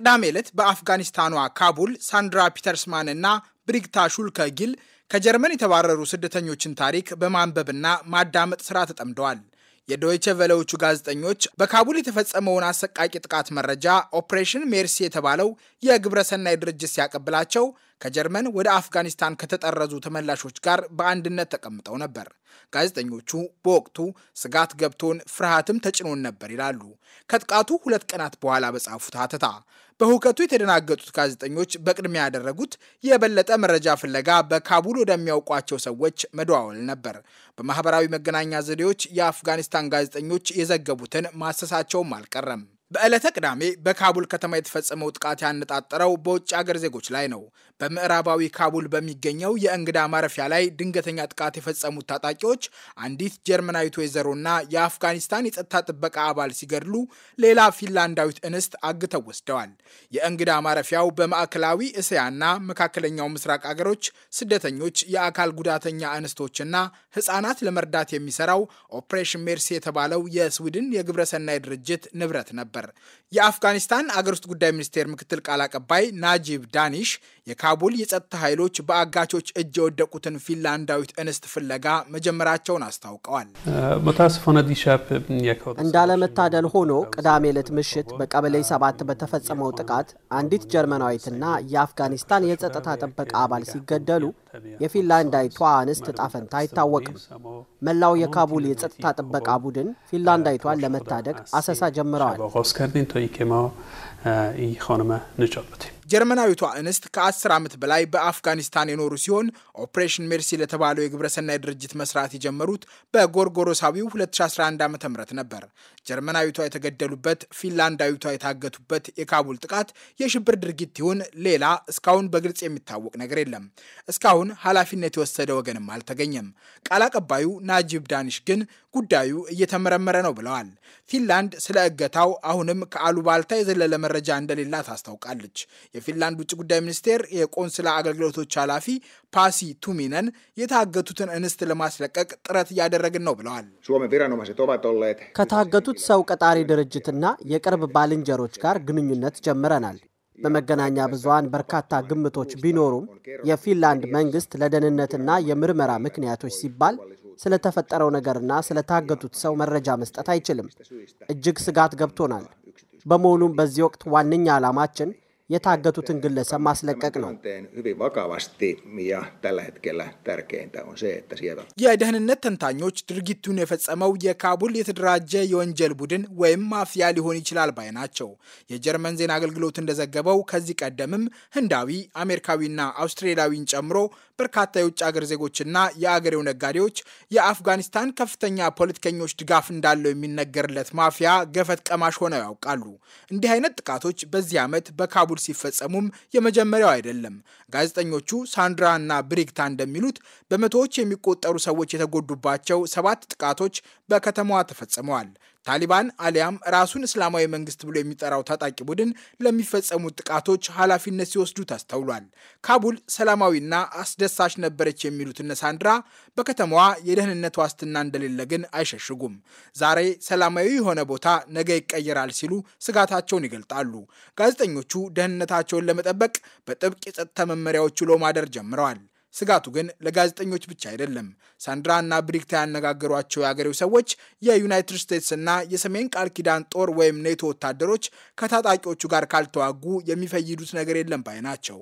ቅዳሜ ዕለት በአፍጋኒስታኗ ካቡል ሳንድራ ፒተርስማን እና ብሪግታ ሹልከ ጊል ከጀርመን የተባረሩ ስደተኞችን ታሪክ በማንበብና ማዳመጥ ስራ ተጠምደዋል። የዶይቸ ቬለዎቹ ጋዜጠኞች በካቡል የተፈጸመውን አሰቃቂ ጥቃት መረጃ ኦፕሬሽን ሜርሲ የተባለው የግብረ ሰናይ ድርጅት ሲያቀብላቸው ከጀርመን ወደ አፍጋኒስታን ከተጠረዙ ተመላሾች ጋር በአንድነት ተቀምጠው ነበር። ጋዜጠኞቹ በወቅቱ ስጋት ገብቶን ፍርሃትም ተጭኖን ነበር ይላሉ ከጥቃቱ ሁለት ቀናት በኋላ በጻፉት ሐተታ። በሁከቱ የተደናገጡት ጋዜጠኞች በቅድሚያ ያደረጉት የበለጠ መረጃ ፍለጋ በካቡል ወደሚያውቋቸው ሰዎች መደዋወል ነበር። በማህበራዊ መገናኛ ዘዴዎች የአፍጋኒስታን ጋዜጠኞች የዘገቡትን ማሰሳቸውም አልቀረም። በዕለተ ቅዳሜ በካቡል ከተማ የተፈጸመው ጥቃት ያነጣጠረው በውጭ አገር ዜጎች ላይ ነው። በምዕራባዊ ካቡል በሚገኘው የእንግዳ ማረፊያ ላይ ድንገተኛ ጥቃት የፈጸሙት ታጣቂዎች አንዲት ጀርመናዊት ወይዘሮና የአፍጋኒስታን የጸጥታ ጥበቃ አባል ሲገድሉ፣ ሌላ ፊንላንዳዊት እንስት አግተው ወስደዋል። የእንግዳ ማረፊያው በማዕከላዊ እስያና መካከለኛው ምስራቅ አገሮች ስደተኞች፣ የአካል ጉዳተኛ እንስቶችና ሕፃናት ለመርዳት የሚሰራው ኦፕሬሽን ሜርሲ የተባለው የስዊድን የግብረሰናይ ድርጅት ንብረት ነበር። ነበር። የአፍጋኒስታን አገር ውስጥ ጉዳይ ሚኒስቴር ምክትል ቃል አቀባይ ናጂብ ዳኒሽ የካቡል የጸጥታ ኃይሎች በአጋቾች እጅ የወደቁትን ፊንላንዳዊት እንስት ፍለጋ መጀመራቸውን አስታውቀዋል። እንዳለመታደል ሆኖ ቅዳሜ ዕለት ምሽት በቀበሌ ሰባት በተፈጸመው ጥቃት አንዲት ጀርመናዊትና የአፍጋኒስታን የጸጥታ ጥበቃ አባል ሲገደሉ የፊንላንዳዊቷ እንስት ዕጣ ፈንታ አይታወቅም። መላው የካቡል የጸጥታ ጥበቃ ቡድን ፊንላንዳዊቷን ለመታደግ አሰሳ ጀምረዋል። کردین تا ای که ما این خانم نجات بدیم ጀርመናዊቷ እንስት ከ10 ዓመት በላይ በአፍጋኒስታን የኖሩ ሲሆን ኦፕሬሽን ሜርሲ ለተባለው የግብረሰናይ ድርጅት መስራት የጀመሩት በጎርጎሮሳዊው 2011 ዓ ም ነበር። ጀርመናዊቷ የተገደሉበት፣ ፊንላንዳዊቷ የታገቱበት የካቡል ጥቃት የሽብር ድርጊት ይሁን ሌላ እስካሁን በግልጽ የሚታወቅ ነገር የለም። እስካሁን ኃላፊነት የወሰደ ወገንም አልተገኘም። ቃል አቀባዩ ናጂብ ዳኒሽ ግን ጉዳዩ እየተመረመረ ነው ብለዋል። ፊንላንድ ስለ እገታው አሁንም ከአሉባልታ የዘለለ መረጃ እንደሌላ ታስታውቃለች የፊንላንድ ውጭ ጉዳይ ሚኒስቴር የቆንስላ አገልግሎቶች ኃላፊ ፓሲ ቱሚነን የታገቱትን እንስት ለማስለቀቅ ጥረት እያደረግን ነው ብለዋል። ከታገቱት ሰው ቀጣሪ ድርጅትና የቅርብ ባልንጀሮች ጋር ግንኙነት ጀምረናል። በመገናኛ ብዙኃን በርካታ ግምቶች ቢኖሩም የፊንላንድ መንግስት ለደህንነትና የምርመራ ምክንያቶች ሲባል ስለተፈጠረው ነገርና ስለታገቱት ሰው መረጃ መስጠት አይችልም። እጅግ ስጋት ገብቶናል። በመሆኑም በዚህ ወቅት ዋነኛ ዓላማችን የታገቱትን ግለሰብ ማስለቀቅ ነው። የደህንነት ተንታኞች ድርጊቱን የፈጸመው የካቡል የተደራጀ የወንጀል ቡድን ወይም ማፊያ ሊሆን ይችላል ባይ ናቸው። የጀርመን ዜና አገልግሎት እንደዘገበው ከዚህ ቀደምም ህንዳዊ፣ አሜሪካዊና አውስትሬሊያዊን ጨምሮ በርካታ የውጭ አገር ዜጎችና የአገሬው ነጋዴዎች የአፍጋኒስታን ከፍተኛ ፖለቲከኞች ድጋፍ እንዳለው የሚነገርለት ማፊያ ገፈት ቀማሽ ሆነው ያውቃሉ። እንዲህ አይነት ጥቃቶች በዚህ ዓመት በካቡል በኩል ሲፈጸሙም የመጀመሪያው አይደለም። ጋዜጠኞቹ ሳንድራ እና ብሪግታ እንደሚሉት በመቶዎች የሚቆጠሩ ሰዎች የተጎዱባቸው ሰባት ጥቃቶች በከተማዋ ተፈጽመዋል። ታሊባን አሊያም ራሱን እስላማዊ መንግስት ብሎ የሚጠራው ታጣቂ ቡድን ለሚፈጸሙት ጥቃቶች ኃላፊነት ሲወስዱ ተስተውሏል። ካቡል ሰላማዊና አስደሳች ነበረች የሚሉት እነ ሳንድራ በከተማዋ የደህንነት ዋስትና እንደሌለ ግን አይሸሽጉም። ዛሬ ሰላማዊ የሆነ ቦታ ነገ ይቀየራል ሲሉ ስጋታቸውን ይገልጣሉ። ጋዜጠኞቹ ደህንነታቸውን ለመጠበቅ በጥብቅ የጸጥታ መመሪያዎች ውሎ ማደር ጀምረዋል። ስጋቱ ግን ለጋዜጠኞች ብቻ አይደለም። ሳንድራ እና ብሪክታ ያነጋገሯቸው የአገሬው ሰዎች የዩናይትድ ስቴትስ እና የሰሜን ቃል ኪዳን ጦር ወይም ኔቶ ወታደሮች ከታጣቂዎቹ ጋር ካልተዋጉ የሚፈይዱት ነገር የለም ባይ ናቸው።